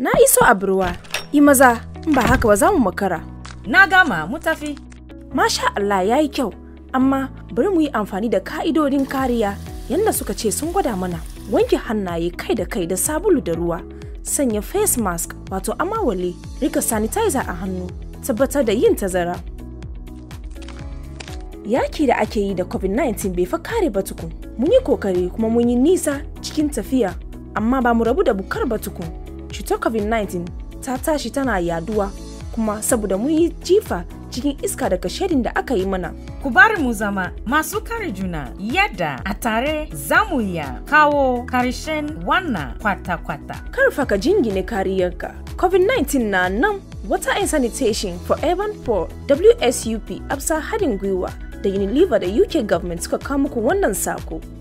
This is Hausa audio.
na iso a burwa yi maza in ba haka ba za mu makara na gama mu tafi masha Allah ya yi kyau amma bari mu yi amfani da ka'idodin kariya yadda suka ce sun gwada mana wanke hannaye kai da kai da sabulu da ruwa sanya face mask wato amawale rika sanitizer a hannu tabbatar da yin tazara yaki da ake yi da covid-19 bai fa kare ba tukun mun yi kokari kuma mun yi nisa cikin tafiya amma ba mu rabu da bukar ba tukun cutar covid-19 ta tashi tana yaduwa kuma saboda mun yi jifa cikin iska daga shedin da aka yi mana. Ku bari mu zama masu kare juna yadda a tare zamu ya kawo karshen wannan kwata-kwata. Karfa ka jingine kariyarka. COVID-19 na nan wata and Sanitation for evan for WSUP absa haɗin gwiwa da Unilever da UK government suka kawo muku wannan sako.